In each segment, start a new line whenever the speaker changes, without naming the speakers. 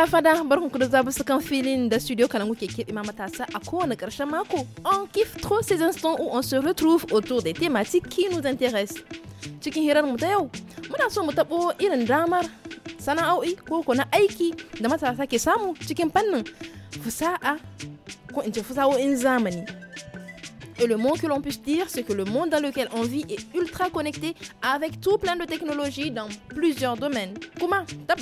la fada ku da zabu sukan filin da studio kalangu ke keɓe ma sa a kowane ƙarshen mako. On kiffe trop ces instants où on se retrouve autour des thématiques qui nous intéressent. Cikin hirar mu ta yau, muna so mu taɓo irin damar sana'o'i ko ko na aiki da matasa ke samu cikin fannin fusa'a ko in ce fusa'o'in zamani. Et le moins que l'on puisse dire, c'est que le monde dans lequel on vit est ultra connecté avec tout plein de technologies dans plusieurs domaines. Kuma, ya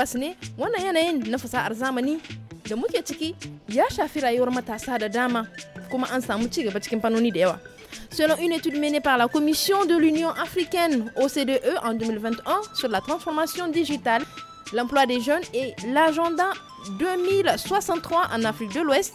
matasa dama, kuma an Selon une étude menée par la Commission de l'Union africaine OCDE en 2021 sur la transformation digitale, l'emploi des jeunes et l'agenda 2063 en Afrique de l'Ouest,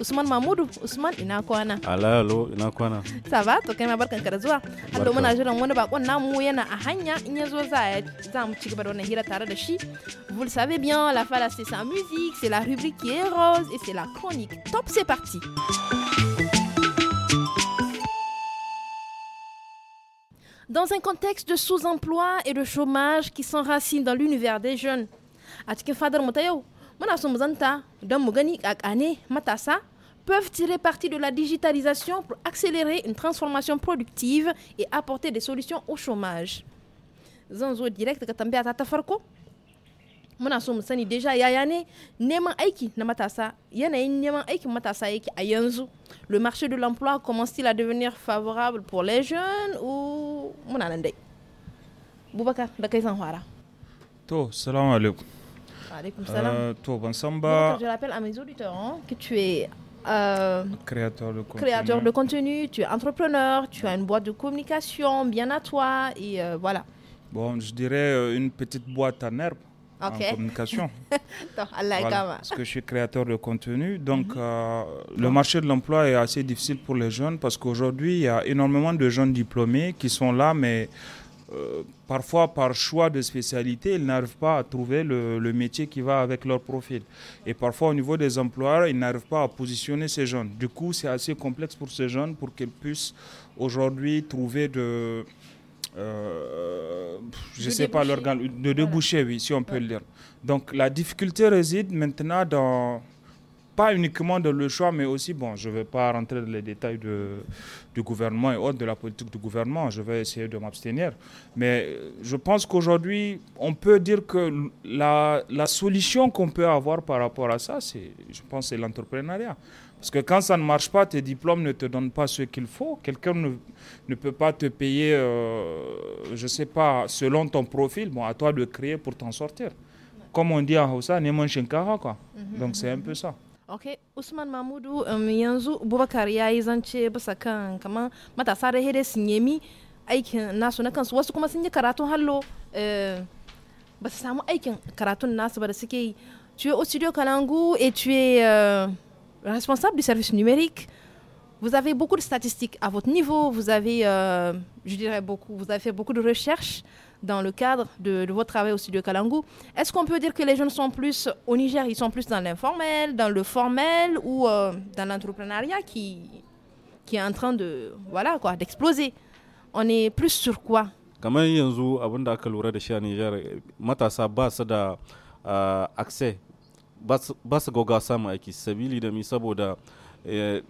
Usman Mahmudu Usman ina kwana
Ala alo ina kwana
Ta ba to kai ma barkan ka da zuwa
Allah muna jiran
wani bakon namu yana a hanya in ya zo za za ci gaba da wannan tare da shi Vous le savez bien la fala c'est sa musique c'est la rubrique qui est rose et c'est la chronique Top c'est parti Dans un contexte de sous-emploi et de chômage qui s'enracine dans l'univers des jeunes, à cikin fadar mu ta muna son zanta don mu gani matasa peuvent tirer parti de la digitalisation pour accélérer une transformation productive et apporter des solutions au chômage. Zanzo direct ka tambaya ta farko muna so mu sani deja yaya neman aiki na matasa yanayin neman aikin matasa yake a yanzu le marché de l'emploi commence-t-il à devenir favorable pour les jeunes ou muna nan dai bubakar da kai zan
to salamu alaikum euh, je
rappelle à mes auditeurs hein, que tu es euh,
créateur, de
contenu. tu es entrepreneur, tu as une boîte de communication bien à toi et euh, voilà.
Bon, je dirais une petite boîte en herbe en communication.
parce que
je suis créateur de contenu. Donc, mhm. le marché de l'emploi est assez difficile pour les jeunes parce qu'aujourd'hui, il y a énormément de jeunes diplômés qui sont là, mais euh, parfois par choix de spécialité, ils n'arrivent pas à trouver le, métier qui va avec leur profil. Et parfois au niveau des emplois, ils n'arrivent pas à positionner ces jeunes. Du coup, c'est assez complexe pour ces jeunes pour qu'ils puissent aujourd'hui trouver de... Euh, je ne sais pas, l'organe de déboucher, oui, si on peut le dire. Donc la difficulté réside maintenant dans pas uniquement dans le choix, mais aussi, bon, je ne vais pas rentrer dans les détails de, du gouvernement et autres, de la politique du gouvernement, je vais essayer de m'abstenir. Mais euh, je pense qu'aujourd'hui, on peut dire que la, la solution qu'on peut avoir par rapport à ça, c'est, je pense, c'est l'entrepreneuriat. Parce que quand ça ne marche pas, tes diplômes ne te donnent pas ce qu'il faut. Quelqu'un ne, peut pas te payer, euh, je ne sais pas, selon ton profil. Bon, à toi de créer pour t'en sortir. Comme on dit en Hausa, Neman Shinkara, quoi. Mhm. Donc c'est un peu ça
ok Ousmane mamudu um, yanzu bubakar ya e yi zance bisa kan kamar matasa da hede sun yemi aikin nasu na kansu wasu kuma sun yi karatun hallo eh, ba samu aikin karatun nasu ba da suke tu es au studio Kalangu et tu es euh, responsable du service numérique. Vous avez beaucoup de statistiques à votre niveau, vous avez, euh, je dirais beaucoup, vous avez fait beaucoup de recherches dans le cadre de, de votre travail au studio Kalangu. Est-ce qu'on peut dire que les jeunes sont plus au Niger, ils sont plus dans l'informel, dans le formel ou euh, dans l'entrepreneuriat qui, qui est en train de voilà quoi d'exploser. On est plus sur quoi
kamar yanzu abin aka lura da shi a niger matasa ba su da ah, accès ba su gauga samun aiki sabili da mi saboda eh,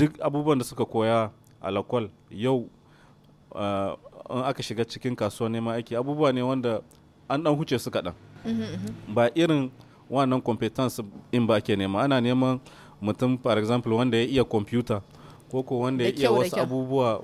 duk abubuwan da suka koya a lakwal yau ah, in aka shiga cikin kasuwa neman aiki abubuwa ne wanda an dan huce su kaɗan mhm, mhm. ba irin wannan competence in ba ke nema ana neman mutum for example wanda ya iya computer ko ko wanda ya iya wasu abubuwa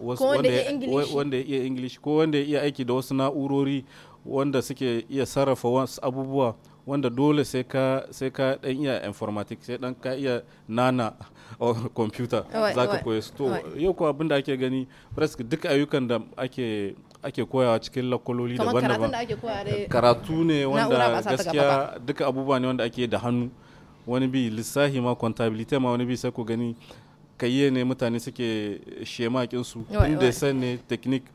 wanda ya iya english ko wanda ya iya aiki da wasu na'urori wanda suke iya sarrafa wasu abubuwa wanda dole sai ka sai ka dan iya informatics sai dan ka iya nana computer za ka koya su to yau ko abin ake gani presque duk ayyukan da ake ake koyawa cikin lakololi daban-daban karatu ne wanda gaskiya duka abubuwa ne wanda ake da hannu wani bi lissahi ma contability ma wani bi sai ku gani kayye ne mutane suke shemakin su inda san ne technique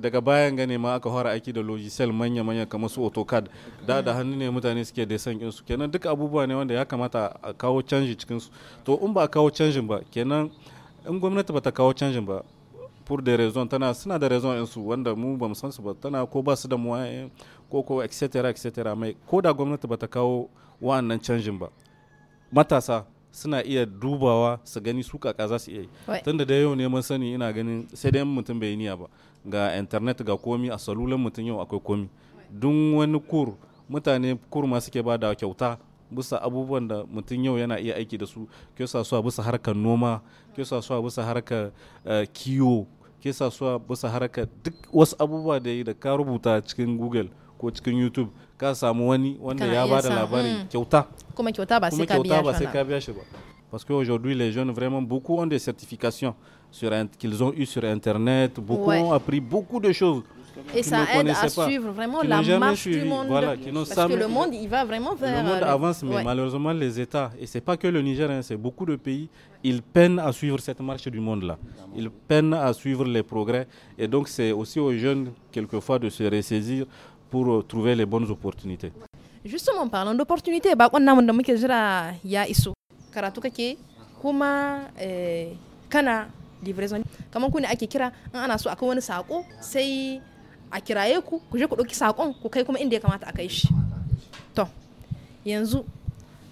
daga bayan gane ma aka fara aiki da logicel manya-manya kamar su autocad da da hannu ne mutane suke da san su kenan duk abubuwa ne wanda ya kamata a kawo canji cikin su to in ba a kawo canjin ba kenan in gwamnati ba ta kawo canjin ba pour des raisons tana suna da raison in su wanda mu ba mu san su ba tana ko ba su da muwaye ko ko etc etc mai ko da gwamnati ba ta kawo wa'annan canjin ba matasa suna iya dubawa su gani su kaka za su iya yi tunda da yau neman sani ina ganin sai dai mutum bai niya ba ga internet ga komi a salulan mutum yau akwai komi dun wani kur mutane kur ma suke ba da kyauta bisa abubuwan da mutum yau yana iya aiki da su ke sa su a bisa harkar noma ke sa su a bisa harkar eh, kiwo ke sa su a bisa harkar duk wasu abubuwa da yi da ka rubuta cikin google ko cikin youtube ka samu wani ya parce qu'aujourd'hui les jeunes vraiment beaucoup ont des certifications sur qu'ils ont eu sur internet beaucoup ont appris beaucoup de choses et ça aide à suivre vraiment la marche du monde parce que le monde
il va vraiment vers le monde avance mais
malheureusement les États et c'est pas que le Niger hein, c'est beaucoup de pays ils peinent à suivre cette marche du monde là ils peinent à suivre les progrès et donc c'est aussi aux jeunes quelquefois de se ressaisir pour euh, trouver les bonnes opportunités.
Justement, parlant d'opportunités, bah, on a un homme qui ya iso. Karatu kake, kuma eh, kana livraison. est kuna ake kira in ana so est wani sako sai a kiraye je ya To, yanzu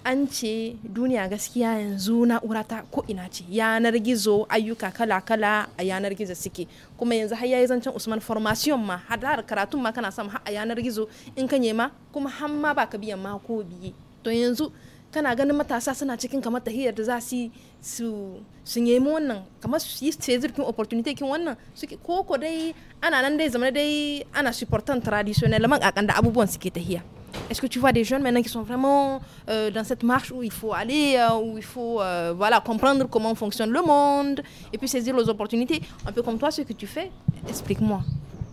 an ce duniya gaskiya yanzu na'ura ta ko ina ce yanar gizo ayyuka kala-kala a yanar gizo suke kuma yanzu har yayi zancen usman formation ma har karatun ma kana samu har a yanar gizo in ka nema kuma har ma ka biyan ma ko biye to yanzu kana ganin matasa suna cikin kamar tahiyar da za su su su nemi wannan kamar su yi zirkin opportunity kin wannan suke koko dai ana nan dai zama dai ana supportan traditional man kakan da abubuwan suke tahiya Est-ce que tu vois des jeunes maintenant qui sont vraiment euh, dans cette marche où il faut aller, euh, où il faut euh, voilà, comprendre comment fonctionne le monde et puis saisir les opportunités Un peu comme toi, ce que tu fais, explique-moi.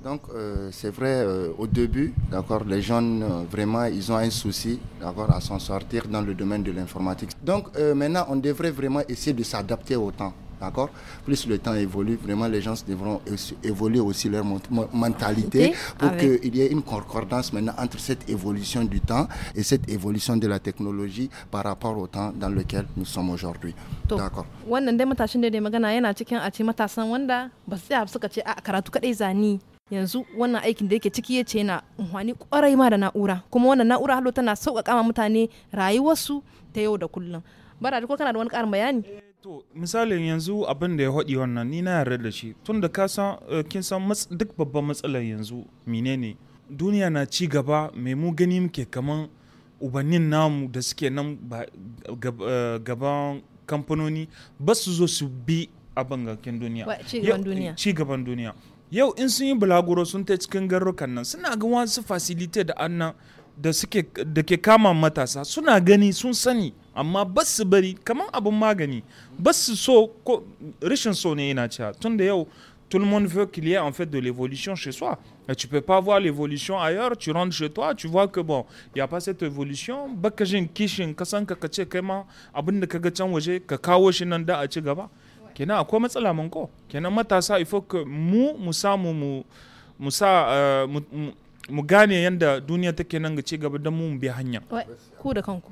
Donc, c'est vrai, au début, d'accord, les jeunes, vraiment, ils ont un souci d'avoir à s'en sortir dans le domaine de l'informatique. Donc, maintenant, on devrait vraiment essayer de s'adapter au temps. D'accord Plus le temps évolue, vraiment les gens devront évoluer aussi leur mentalité pour ah oui. y ait une concordance maintenant entre cette évolution du temps et cette évolution de la technologie par rapport au temps dans lequel nous sommes aujourd'hui. D'accord.
yanzu wannan aikin da yake ciki ya ce na amfani kwarai ma da na'ura kuma wannan na'ura halo tana sauƙaƙa mutane rayuwarsu ta yau da kullum bara ko kana da wani ƙarin bayani
To misalin yanzu abin da ya haɗi wannan ni na yarda da shi tun da eh, kin san duk babban matsalar yanzu menene duniya na ci gaba mai mu gani muke kaman ubannin namu da suke nan eh, gaban kamfanoni ba su zo su bi a bangakin duniya eh, ci gaban duniya yau in sun yi bulaguro sun ta cikin garurukan nan suna ga wasu fasilite da annan da da ke kama matasa suna gani sun sani amma ba su bari kamar abin magani ba su so ko rashin so ne yana cewa tun da yau tout le monde veut qu'il y ait en fait de l'évolution chez soi. Et tu peux pas voir l'évolution ailleurs, tu rentres chez toi, tu vois que bon, il y a pas cette évolution. Bakajin kishin kasan ka kace kai ma abin da kaga can waje ka kawo shi nan da a ci gaba. Kenan akwai matsala mun ko. Kenan matasa il faut que mu mu samu mu mu sa eh, mu gane yanda duniya take nan ga ci gaba don mu bi hanya.
Ku da kanku.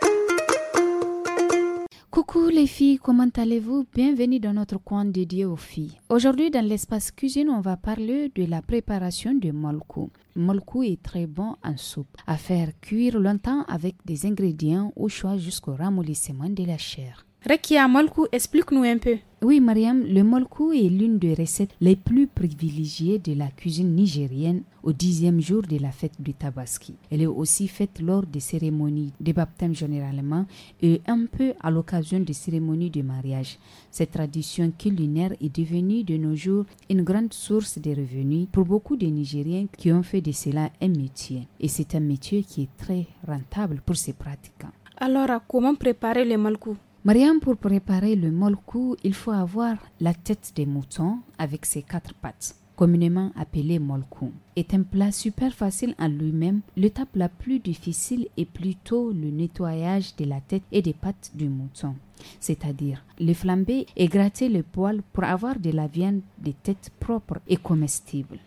Coucou les filles, comment allez-vous Bienvenue dans notre coin dédié aux filles. Aujourd'hui dans l'espace cuisine, on va parler de la préparation de molku. Molku est très bon en soupe, à faire cuire longtemps avec des ingrédients au choix jusqu'au ramollissement de la chair.
Rekia, molku, explique-nous
un peu. Oui, Mariam, le molko est l'une des recettes les plus privilégiées de la cuisine nigérienne au dixième jour de la fête du Tabaski. Elle est aussi faite lors des cérémonies de baptême généralement et un peu à l'occasion des cérémonies de mariage. Cette tradition culinaire est devenue de nos jours une grande source de revenus pour beaucoup de Nigériens qui ont fait de cela un métier. Et c'est un métier qui est très rentable pour ses pratiquants.
Alors, comment préparer le malkou
Mariam, pour préparer le molkou, il faut avoir la tête des moutons avec ses quatre pattes, communément appelée molkou. Est un plat super facile en lui-même. L'étape la plus difficile est plutôt le nettoyage de la tête et des pattes du mouton, c'est-à-dire les flamber et gratter le poil pour avoir de la viande des têtes propres et comestibles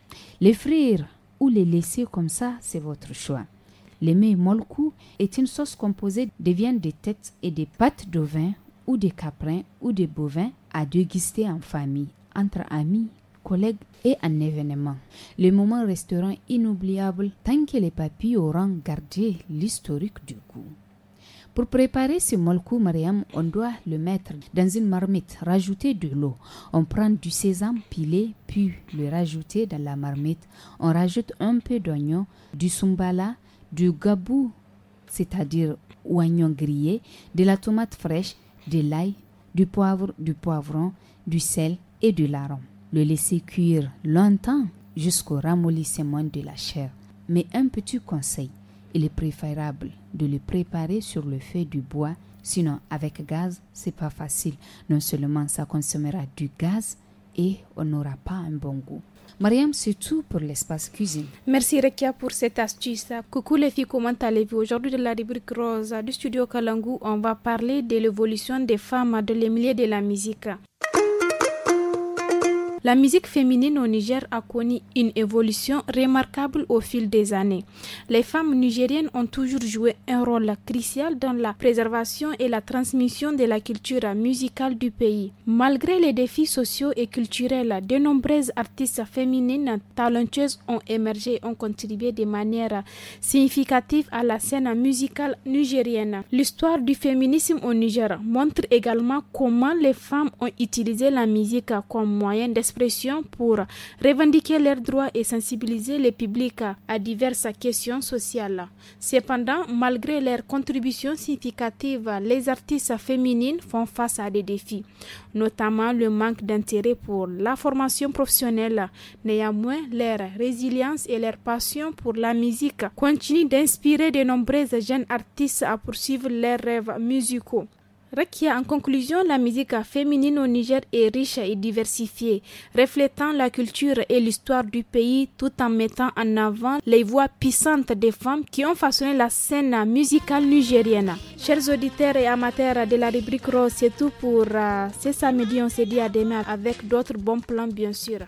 Les frire ou les laisser comme ça, c'est votre choix. Le est une sauce composée de viande de tête et des pâtes de ou de caprins ou de bovins à déguster en famille, entre amis, collègues et en événement. Les moments resteront inoubliables tant que les papilles auront gardé l'historique du goût. Pour préparer ce molku Mariam, on doit le mettre dans une marmite, rajouter de l'eau. On prend du sésame pilé, puis le rajouter dans la marmite. On rajoute un peu d'oignon, du sumbala, du gabou, c'est-à-dire oignon grillé, de la tomate fraîche, de l'ail, du poivre, du poivron, du sel et de l'arôme. Le laisser cuire longtemps jusqu'au ramollissement de la chair. Mais un petit conseil, il est préférable de le préparer sur le feu du bois, sinon avec gaz, c'est pas facile. Non seulement ça consommera du gaz et on n'aura pas un bon goût. Mariam, c'est tout pour l'espace cuisine.
Merci Rekia pour cette astuce. Coucou les filles, comment allez-vous Aujourd'hui de la rubrique rose du studio Kalangu, on va parler de l'évolution des femmes dans les milieux de la musique. La musique féminine au Niger a connu une évolution remarquable au fil des années. Les femmes nigériennes ont toujours joué un rôle crucial dans la préservation et la transmission de la culture musicale du pays. Malgré les défis sociaux et culturels, de nombreuses artistes féminines talentueuses ont émergé et ont contribué de manière significative à la scène musicale nigérienne. L'histoire du féminisme au Niger montre également comment les femmes ont utilisé la musique comme moyen d'expression pour revendiquer leurs droits et sensibiliser le public à diverses questions sociales. Cependant, malgré leurs contributions significatives, les artistes féminines font face à des défis, notamment le manque d'intérêt pour la formation professionnelle. Néanmoins, leur résilience et leur passion pour la musique continuent d'inspirer de nombreux jeunes artistes à poursuivre leurs rêves musicaux en conclusion, la musique féminine au Niger est riche et diversifiée, reflétant la culture et l'histoire du pays tout en mettant en avant les voix puissantes des femmes qui ont façonné la scène musicale nigérienne. Chers auditeurs et amateurs de la rubrique Rose, c'est tout pour euh, ce samedi. On se dit à demain avec d'autres bons plans, bien sûr.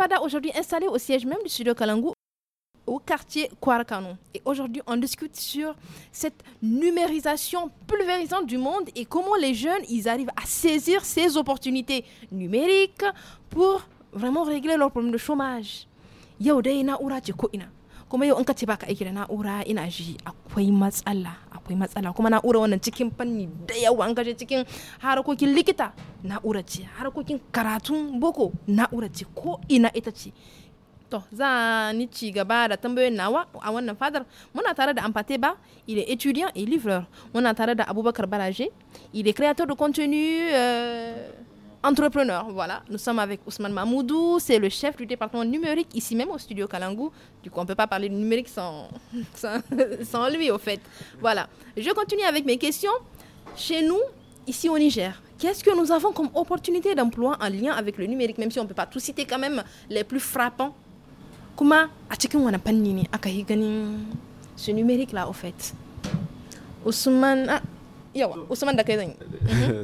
Fada, aujourd'hui installé au siège même du studio Kalangu au quartier Kwarkanon Et aujourd'hui, on discute sur cette numérisation pulvérisante du monde et comment les jeunes, ils arrivent à saisir ces opportunités numériques pour vraiment régler leurs problèmes de chômage. akwai matsala kuma na'ura wannan cikin fanni da yawa an gaje cikin harkokin likita na'ura ce harkokin karatun boko na'ura ce ko ina ita ce to za ni ci gaba da tambayoyin nawa a wannan fadar muna tare da amfate ba il est étudiant et livreur muna tare da abubakar baraje il est créateur de contenu euh... entrepreneur. Voilà, nous sommes avec Ousmane Mamoudou, c'est le chef du département numérique ici même au studio Kalangu. Du coup, on ne peut pas parler de numérique sans, sans, lui, au fait. Voilà, je continue avec mes questions. Chez nous, ici au Niger, qu'est-ce que nous avons comme opportunité d'emploi en lien avec le numérique, même si on ne peut pas tout citer quand même les plus frappants Comment numérique là au fait Ousmane, ah,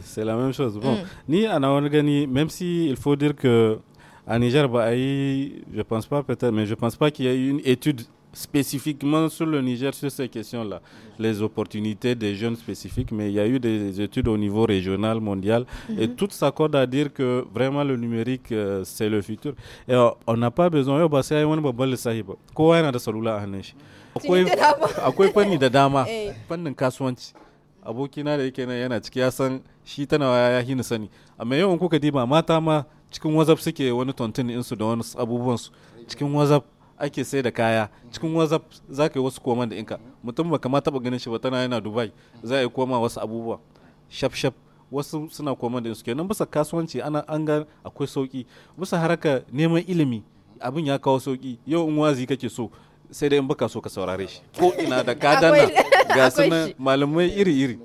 C'est la même chose. Bon, mm. ni même si il faut dire que à Niger, bah, je pense pas peut-être, mais je pense pas qu'il y ait une étude spécifiquement sur le Niger sur ces questions-là, les opportunités des jeunes spécifiques, mais il y a eu des études au niveau régional, mondial, et mm-hmm. tout s'accorde à dire que vraiment le numérique, euh, c'est le futur. Et euh, on n'a pas besoin, de abokina da yake nan yana ciki ya san shi tana waya ya hini sani amma yawan kuka diba mata ma cikin wazaf suke wani tontin insu da wani abubuwan su cikin wazaf ake sai da kaya cikin wazaf za ka yi wasu koma da inka mutum ba kama taba ganin shi ba tana yana dubai za a yi koma wasu abubuwa shaf shaf wasu suna koma da insu kenan bisa kasuwanci ana an ga akwai sauki bisa haraka neman ilimi abin ya kawo sauki yau in wazi kake so sai dai in baka so ka saurare shi ko ina da kadana ga su malamai iri-iri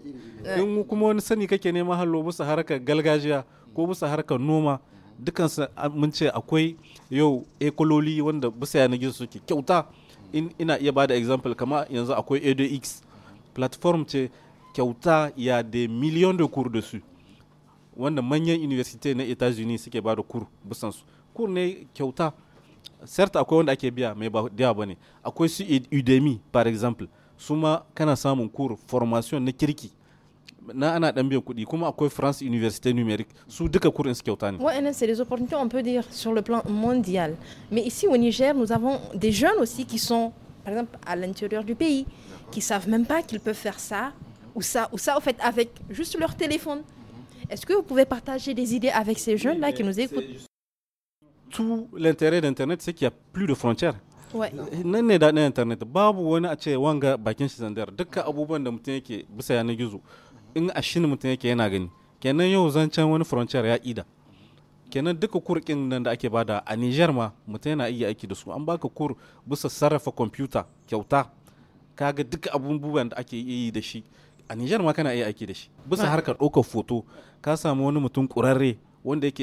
eh. in kuma wani sani kake neman hallo musu harkar galgajiya ko musu harkar noma dukansu mun ce akwai yau ekololi wanda bisa yanar gizo suke kyauta ina iya bada example kama yanzu akwai edo x platform ce kyauta ya da miliyon da kur da su wanda manyan university na etats unis suke bada kur busansu kur ne kyauta certes akwai wanda ake biya mai ba da ba ne akwai su udemy par exemple su ma kana samun kur formation na kirki na ana dan biyan kuɗi kuma akwai France Université Numérique su duka kurin su kyauta ne.
c'est des opportunités on peut dire sur le plan mondial. Mais ici au Niger, nous avons des jeunes aussi qui sont par exemple à l'intérieur du pays qui savent même pas qu'ils peuvent faire ça ou ça ou ça en fait avec juste leur téléphone. Est-ce que vous pouvez partager des idées avec ces jeunes là qui nous écoutent
tout l'intérêt d'Internet, c'est qu'il n'y a plus de frontières. nan ne daɗin internet babu wani a ce wanga bakin shi zandar dukkan abubuwan da mutum yake bisa yanar gizo in a shi mutum yake yana gani kenan yau zancen wani frontier ya ida kenan duka kurkin nan da ake bada a niger ma mutum yana iya aiki da su an baka kur bisa sarrafa kwamfuta kyauta kaga duka abubuwan da ake yi da shi a niger ma kana iya aiki da shi bisa harkar ɗaukar foto ka samu wani mutum ƙurarre Donc je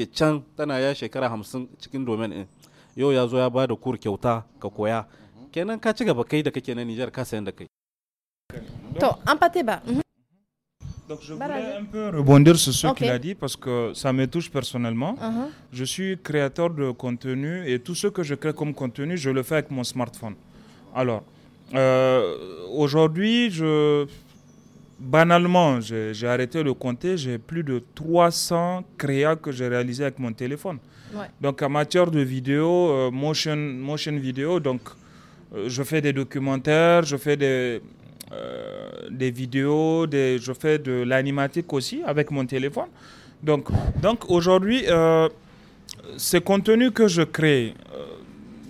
voulais un peu rebondir sur ce qu'il a dit parce que ça me touche personnellement. Uh-huh. Je suis créateur de contenu et tout ce que je crée comme contenu, je le fais avec mon smartphone. Alors, euh, aujourd'hui, je, banalement, j'ai arrêté de compter, j'ai plus de 300 créas que j'ai réalisés avec mon téléphone. Donc Donc, matière de vidéo, euh, motion, motion vidéo, donc euh, je fais des documentaires, je fais des, euh, des vidéos, je fais de l'animatique aussi avec mon téléphone. Donc, donc aujourd'hui, ce contenu que je crée,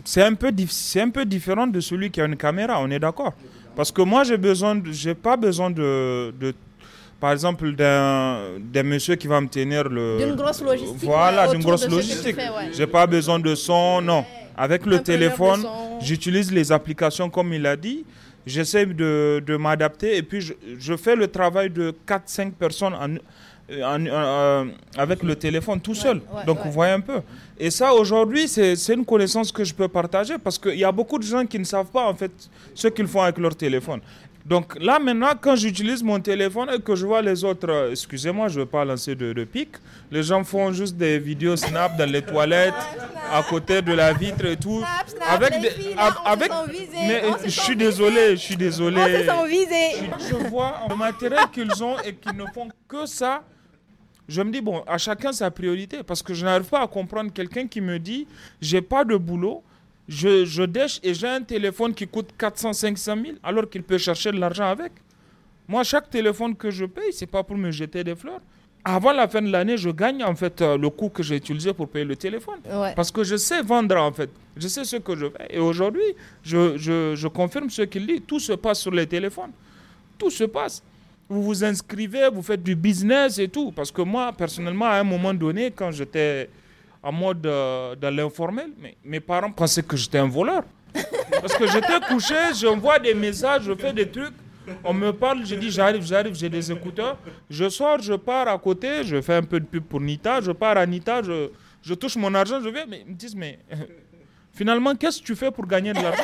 c'est un, peu c'est un peu différent de celui qui a une caméra, on est d'accord parce que moi, j'ai besoin, j'ai pas besoin de, de par exemple, d'un monsieur qui va me tenir le. D'une grosse logistique. Voilà, d'une grosse logistique. Je J'ai pas besoin de son, non. Avec le téléphone, j'utilise les applications comme il a dit. J'essaie de, de m'adapter et puis je, je, fais le travail de 4-5 personnes en, euh, euh, euh, avec le téléphone tout seul. Donc, vous voyez un peu. Et ça, aujourd'hui, c'est une connaissance que je peux partager parce qu'il y a beaucoup de gens qui ne savent pas, en fait, ce qu'ils font avec leur téléphone. Donc là, maintenant, quand j'utilise mon téléphone et que je vois les autres, excusez-moi, je ne veux pas lancer de, de pic, les gens font juste des vidéos snap dans les toilettes, à côté de la vitre et tout. avec avec, mais je suis désolé, je suis désolé. Je, vois le matériel qu'ils ont et qu'ils ne font que ça je me dis, bon, à chacun sa priorité, parce que je n'arrive pas à comprendre quelqu'un qui me dit, j'ai pas de boulot, je, je et j'ai un téléphone qui coûte 400, 500 000, alors qu'il peut chercher de l'argent avec. Moi, chaque téléphone que je paye, c'est pas pour me jeter des fleurs. Avant la fin de l'année, je gagne en fait euh, le coût que j'ai utilisé pour payer le téléphone. Parce que je sais vendre en fait. Je sais ce que je fais. Et aujourd'hui, je, je confirme ce qu'il dit. Tout se passe sur les téléphones. Tout se passe vous vous inscrivez, vous faites du business et tout. Parce que moi, personnellement, à un moment donné, quand j'étais en mode de euh, dans l'informel, mes parents pensaient que j'étais un voleur. Parce que j'étais couché, j'envoie des messages, je fais des trucs. On me parle, je dis j'arrive, j'arrive, j'ai des écouteurs. Je sors, je pars à côté, je fais un peu de pub pour Nita, je pars à Nita, je, touche mon argent, je vais. Mais ils me disent, mais finalement, qu'est-ce que tu fais pour gagner de l'argent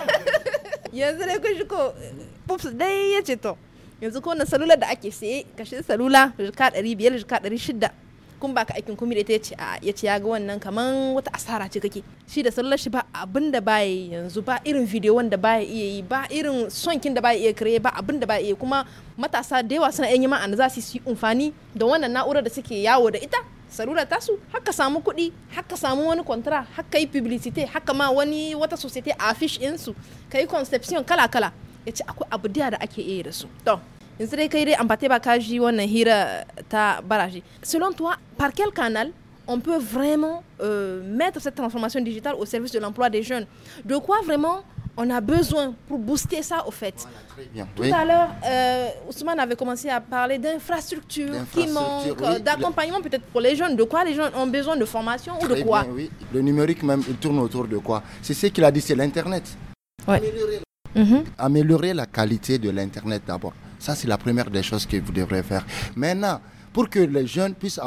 yanzu ko wannan salular da ake siye kashin salula jirka ɗari biyar jika ɗari shida kun baka aikin kuma ita yace a yace ya ga wannan kaman wata asara ce kake shi da salular shi ba abin da baya yi yanzu ba irin video wanda baya iya yi ba irin sonkin da baya iya kire ba abin da baya iya kuma matasa da yawa suna yan yi ma'ana za su yi amfani da wannan na'urar da suke yawo da ita sarura tasu haka samu kuɗi haka samu wani kwantara haka yi publicity haka ma wani wata society a fish insu ka yi conception kala-kala ce da ake da su ba selon toi par quel canal on peut vraiment euh, mettre cette transformation digitale au service de l'emploi des jeunes de quoi vraiment on a besoin pour booster ça au fait. Tout à l'heure, euh, Ousmane avait commencé à parler d'infrastructures
qui manquent, d'accompagnement
peut-être pour les jeunes, de quoi les jeunes ont besoin de formation ou de quoi oui.
Le numérique même, il tourne autour de quoi C'est ce qu'il a dit, c'est l'Internet. Mhm. Améliorer la qualité de l'Internet d'abord. Ça, c'est la première des choses que vous devrez faire. Maintenant, pour que les jeunes puissent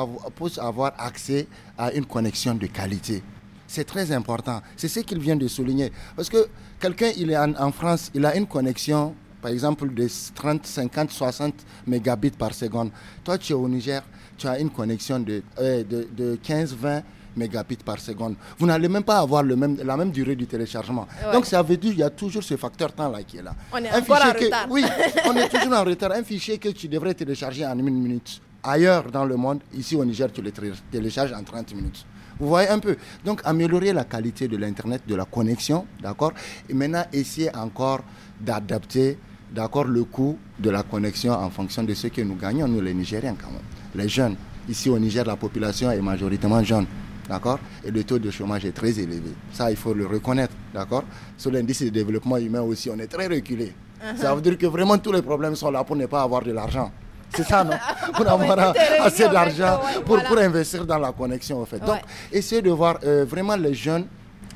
avoir, accès à une connexion de qualité, c'est très important. C'est ce qu'il vient de souligner. Parce que quelqu'un, il est en, France, il a une connexion, par exemple, de 30, 50, 60 mégabits par seconde. Toi, tu es au Niger, tu as une connexion de, euh, de, de 15, 20 mégabits par seconde. Vous n'allez même pas avoir le même, la même durée du téléchargement. Donc ça veut dire qu'il y a toujours ce facteur temps-là qui est là. On
est encore retard. Oui,
on est toujours en retard. Un fichier que tu devrais télécharger en une minute. Ailleurs dans le monde, ici au Niger, tu le télécharges en 30 minutes. Vous voyez un peu. Donc, améliorer la qualité de l'Internet, de la connexion, d'accord Et maintenant, essayer encore d'adapter, d'accord, le coût de la connexion en fonction de ce que nous gagnons, nous les Nigériens quand même, les jeunes. Ici au Niger, la population est majoritairement jeune d'accord Et le taux de chômage est très élevé. Ça, il faut le reconnaître, d'accord Sur l'indice de développement humain aussi, on est très reculé. Uh-huh. Ça veut dire que vraiment tous les problèmes sont là pour ne pas avoir de l'argent. C'est ça, non Pour avoir assez d'argent pour, pour investir dans la connexion, en fait. Donc, essayez de voir euh, vraiment les jeunes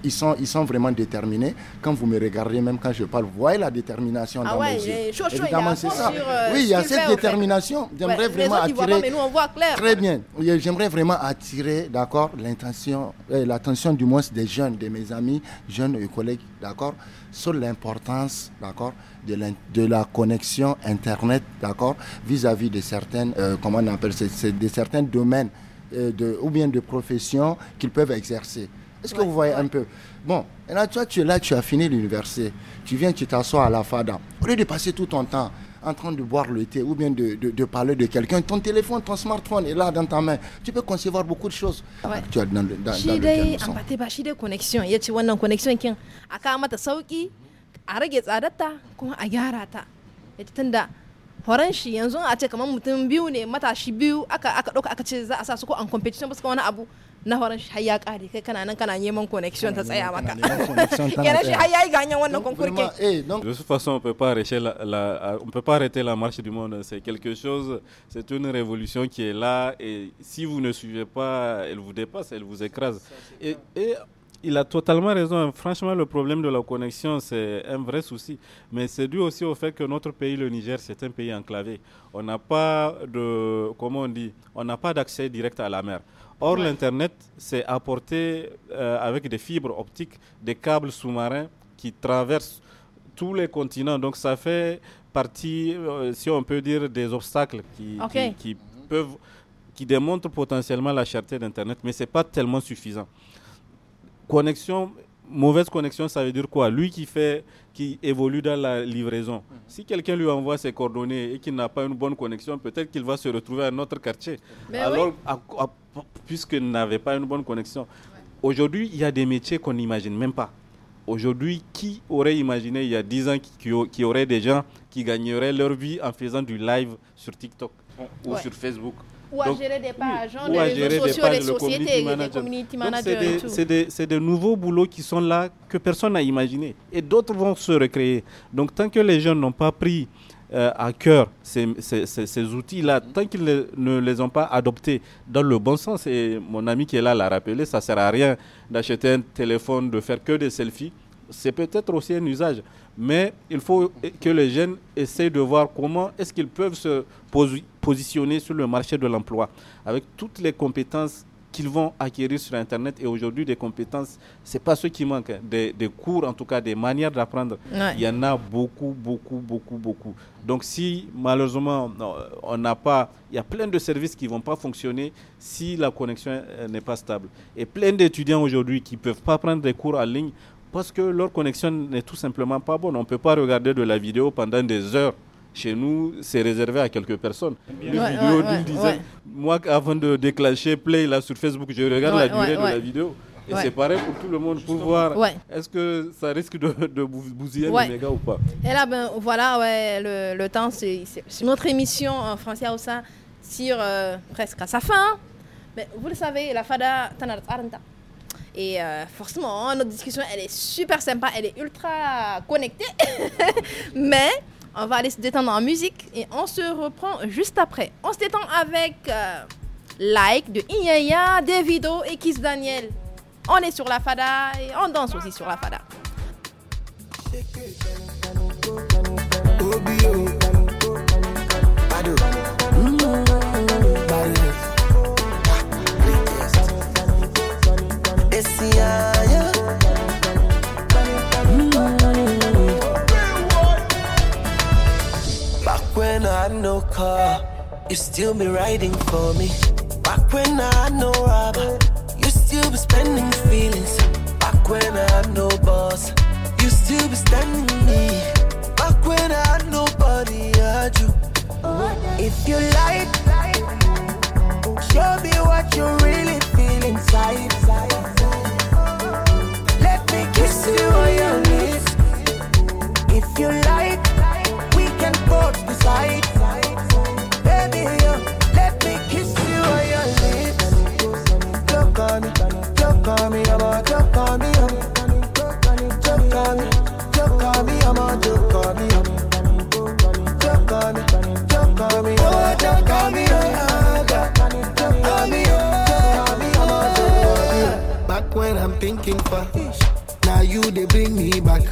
ils sont, ils sont vraiment déterminés. Quand vous me regardez, même quand je parle, vous voyez la détermination ah dans ouais, yeux. Évidemment, c'est ça. Euh, oui, il y a cette détermination. J'aimerais vraiment attirer. Très bien. J'aimerais vraiment attirer, d'accord, l'intention, euh, l'attention du moins des jeunes, de mes amis, jeunes et collègues, d'accord, sur l'importance, d'accord, de, la connexion Internet, d'accord, vis-à-vis de certaines, euh, comment on appelle, certains domaines ou bien de professions qu'ils peuvent exercer. Est-ce que vous voyez un peu Bon, et là, toi, tu es là, tu as fini l'université. Tu viens, tu t'assois à la FADA. Au lieu de passer tout ton temps en train de boire le thé ou bien de, de, de parler de quelqu'un, ton téléphone, ton smartphone est là dans ta main. Tu peux concevoir beaucoup de choses. Ouais. Ah, tu as dans, dans, dans le
connexion. Ya ce wannan connection kin Aka kawo mata sauki, a rage tsadarta kuma a gyara ta. Ita tunda horon shi yanzu a ce kamar mutum biyu ne matashi biyu aka aka dauka aka ce za a sa su ko an competition ba su abu. Eh,
de toute façon on peut pas arrêter la, on peut pas arrêter la marche du monde c'est quelque chose c'est une révolution qui est là et si vous ne suivez pas elle vous dépasse elle vous écrase et, et il a totalement raison. Franchement, le problème de la connexion, c'est un vrai souci. Mais c'est dû aussi au fait que notre pays, le Niger, c'est un pays enclavé. On n'a pas de, comment on dit, on n'a pas d'accès direct à la mer. Or, l'Internet, c'est apporté euh, avec des fibres optiques, des câbles sous-marins qui traversent tous les continents. Donc, ça fait partie, euh, si on peut dire, des obstacles qui, qui, peuvent, qui démontrent potentiellement la cherté d'Internet, mais ce n'est pas tellement suffisant. Connexion mauvaise connexion, ça veut dire quoi Lui qui fait, qui évolue dans la livraison. Mhm. Si quelqu'un lui envoie ses coordonnées et qu'il n'a pas une bonne connexion, peut-être qu'il va se retrouver à un autre quartier. Ben Alors, à, Puisque n'avait pas une bonne connexion. Aujourd'hui, il y a des métiers qu'on n'imagine même pas. Aujourd'hui, qui aurait imaginé il y a 10 ans qu'il y aurait des gens qui gagneraient leur vie en faisant du live sur TikTok ou sur Facebook ou à gérer des pages, hein, des réseaux sociaux, des sociétés, des community managers. C'est des, nouveaux boulots qui sont là que personne n'a imaginé. Et d'autres vont se recréer. Donc tant que les jeunes n'ont pas pris euh, à cœur ces, ces, outils-là, tant qu'ils ne les ont pas adoptés dans le bon sens, et mon ami qui est là l'a rappelé, ça ne sert à rien d'acheter un téléphone, de faire que des selfies. C'est peut-être aussi un usage, mais il faut que les jeunes essayent de voir comment est-ce qu'ils peuvent se positionner sur le marché de l'emploi avec toutes les compétences qu'ils vont acquérir sur Internet. Et aujourd'hui, des compétences, ce n'est pas ce qui manque. Des, cours, en tout cas, des manières d'apprendre. Il y en a beaucoup, beaucoup, beaucoup, beaucoup. Donc si malheureusement, on n'a pas... Il y a plein de services qui ne vont pas fonctionner si la connexion euh, n'est pas stable. Et plein d'étudiants aujourd'hui qui ne peuvent pas prendre des cours en ligne parce que leur connexion n'est tout simplement pas bonne. On ne peut pas regarder de la vidéo pendant des heures. Chez nous, c'est réservé à quelques personnes. Une Moi, avant de déclencher Play là sur Facebook, je regarde la durée de la vidéo. Et c'est pareil pour tout le monde pour voir est-ce que ça risque de, bousiller les méga ou pas.
Et là, ben voilà, le, temps, c'est notre émission en français au ça tire presque à sa fin. Mais vous le savez, la Fada Aranta. Et euh, forcément, notre discussion, elle est super sympa, elle est ultra connectée. Mais on va aller se détendre en musique et on se reprend juste après. On se détend avec euh, Like de Inyaya, Davido et Kiss Daniel. On est sur la fada et on danse aussi sur la fada.
car, you still be riding for me. Back when I had no rubber, you still be spending feelings. Back when I had no boss, you still be standing me. Back when I had nobody, I had you. If you like, show me what you really feel inside. Let me kiss you on your lips. If you like, we can both decide. call me, I'm a just call me, I'm me, just call me, I'm a just call me, I'm just call me, just call me, oh, just me, oh, just me, back when I'm thinking for, now you they bring me back,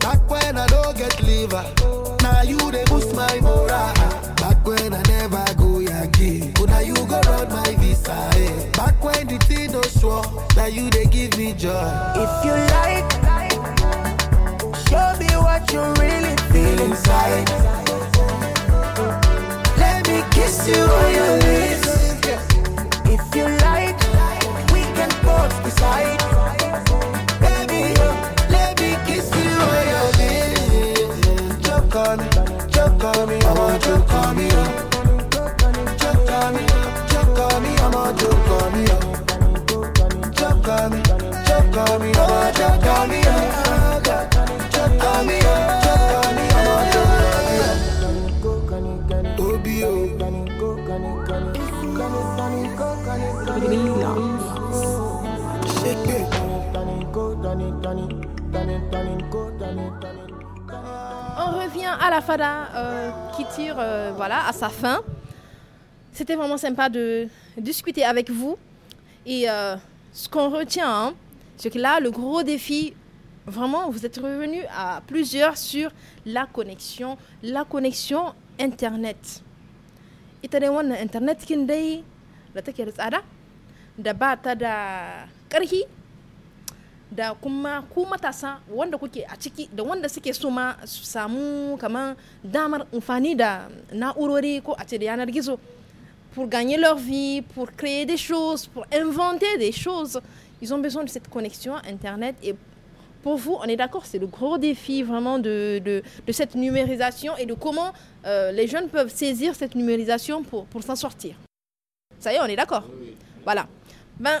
back when I don't get liver, now you they boost joy. If you like, show me what you really feel inside. Let me kiss you on your lips.
On revient à la Fada euh, qui tire euh, voilà, à sa fin. C'était vraiment sympa de discuter avec vous. Et euh, ce qu'on retient, hein, c'est que là, le gros défi, vraiment, vous êtes revenus à plusieurs sur la connexion, la connexion Internet. ita internet kin dai da da pour gagner leur vie, pour créer des choses, pour inventer des choses. Ils ont besoin de cette connexion Internet. Et pour vous, on est d'accord, c'est le gros défi vraiment de, cette numérisation et de comment euh, les jeunes peuvent saisir cette numérisation pour, pour s'en sortir. Ça y est, on est d'accord Voilà. Ben,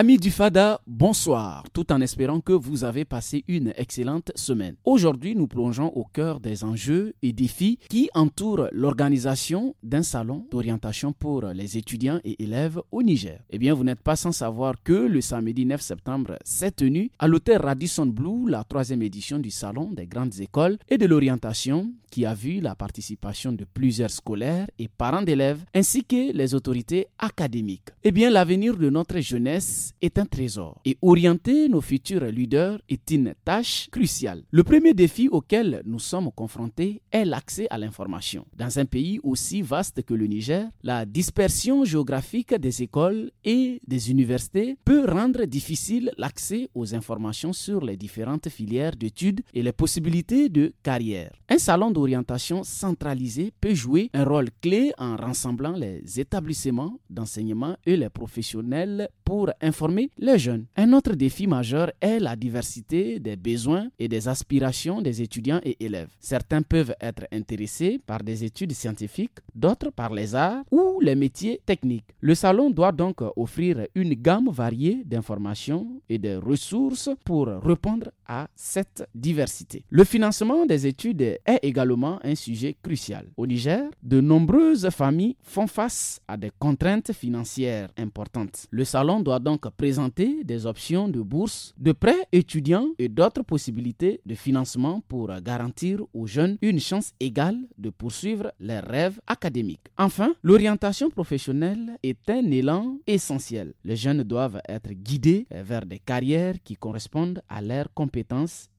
Amis du Fada, bonsoir, tout en espérant que vous avez passé une excellente semaine. Aujourd'hui, nous plongeons au cœur des enjeux et défis qui entourent l'organisation d'un salon d'orientation pour les étudiants et élèves au Niger. Eh bien, vous n'êtes pas sans savoir que le samedi 9 septembre s'est tenu à l'hôtel Radisson Blue la troisième édition du salon des grandes écoles et de l'orientation qui a vu la participation de plusieurs scolaires et parents d'élèves, ainsi que les autorités académiques. Eh bien, l'avenir de notre jeunesse est un trésor et orienter nos futurs leaders est une tâche cruciale. Le premier défi auquel nous sommes confrontés est l'accès à l'information. Dans un pays aussi vaste que le Niger, la dispersion géographique des écoles et des universités peut rendre difficile l'accès aux informations sur les différentes filières d'études et les possibilités de carrière. Un salon de orientation centralisée peut jouer un rôle clé en rassemblant les établissements d'enseignement et les professionnels pour informer les jeunes. Un autre défi majeur est la diversité des besoins et des aspirations des étudiants et élèves. Certains peuvent être intéressés par des études scientifiques, d'autres par les arts ou les métiers techniques. Le salon doit donc offrir une gamme variée d'informations et de ressources pour répondre à cette diversité. Le financement des études est également un sujet crucial. Au Niger, de nombreuses familles font face à des contraintes financières importantes. Le salon doit donc présenter des options de bourse, de prêts étudiants et d'autres possibilités de financement pour garantir aux jeunes une chance égale de poursuivre leurs rêves académiques. Enfin, l'orientation professionnelle est un élan essentiel. Les jeunes doivent être guidés vers des carrières qui correspondent à leurs compétences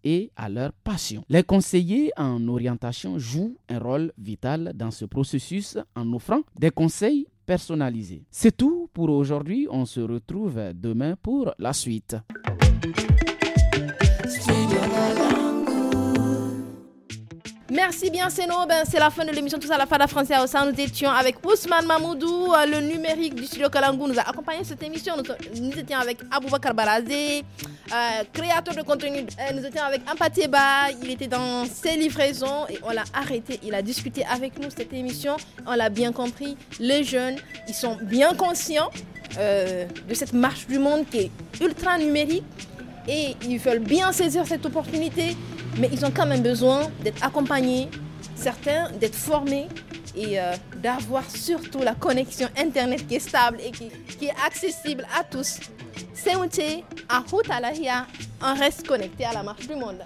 et à leur passion. Les conseillers en orientation jouent un rôle vital dans ce processus en offrant des conseils personnalisés. C'est tout pour aujourd'hui, on se retrouve demain pour la suite.
Merci bien, c'est Ben, c'est la fin de l'émission Tous à la Fada Français à sein Nous étions avec Ousmane Mamoudou, euh, le numérique du studio Kalangou, nous a accompagné cette émission. Nous, étions avec Aboubacar Barazé, euh, créateur de contenu. Euh, nous étions avec Ampateba, il était dans ses livraisons et on l'a arrêté. Il a discuté avec nous cette émission. On l'a bien compris. Les jeunes, ils sont bien conscients de cette marche du monde qui est ultra numérique et ils veulent bien saisir cette opportunité mais ils ont quand même besoin d'être accompagnés, certains d'être formés et euh, d'avoir surtout la connexion Internet qui est stable et qui, est accessible à tous. C'est à l'arrière, on reste connecté à la marche du monde.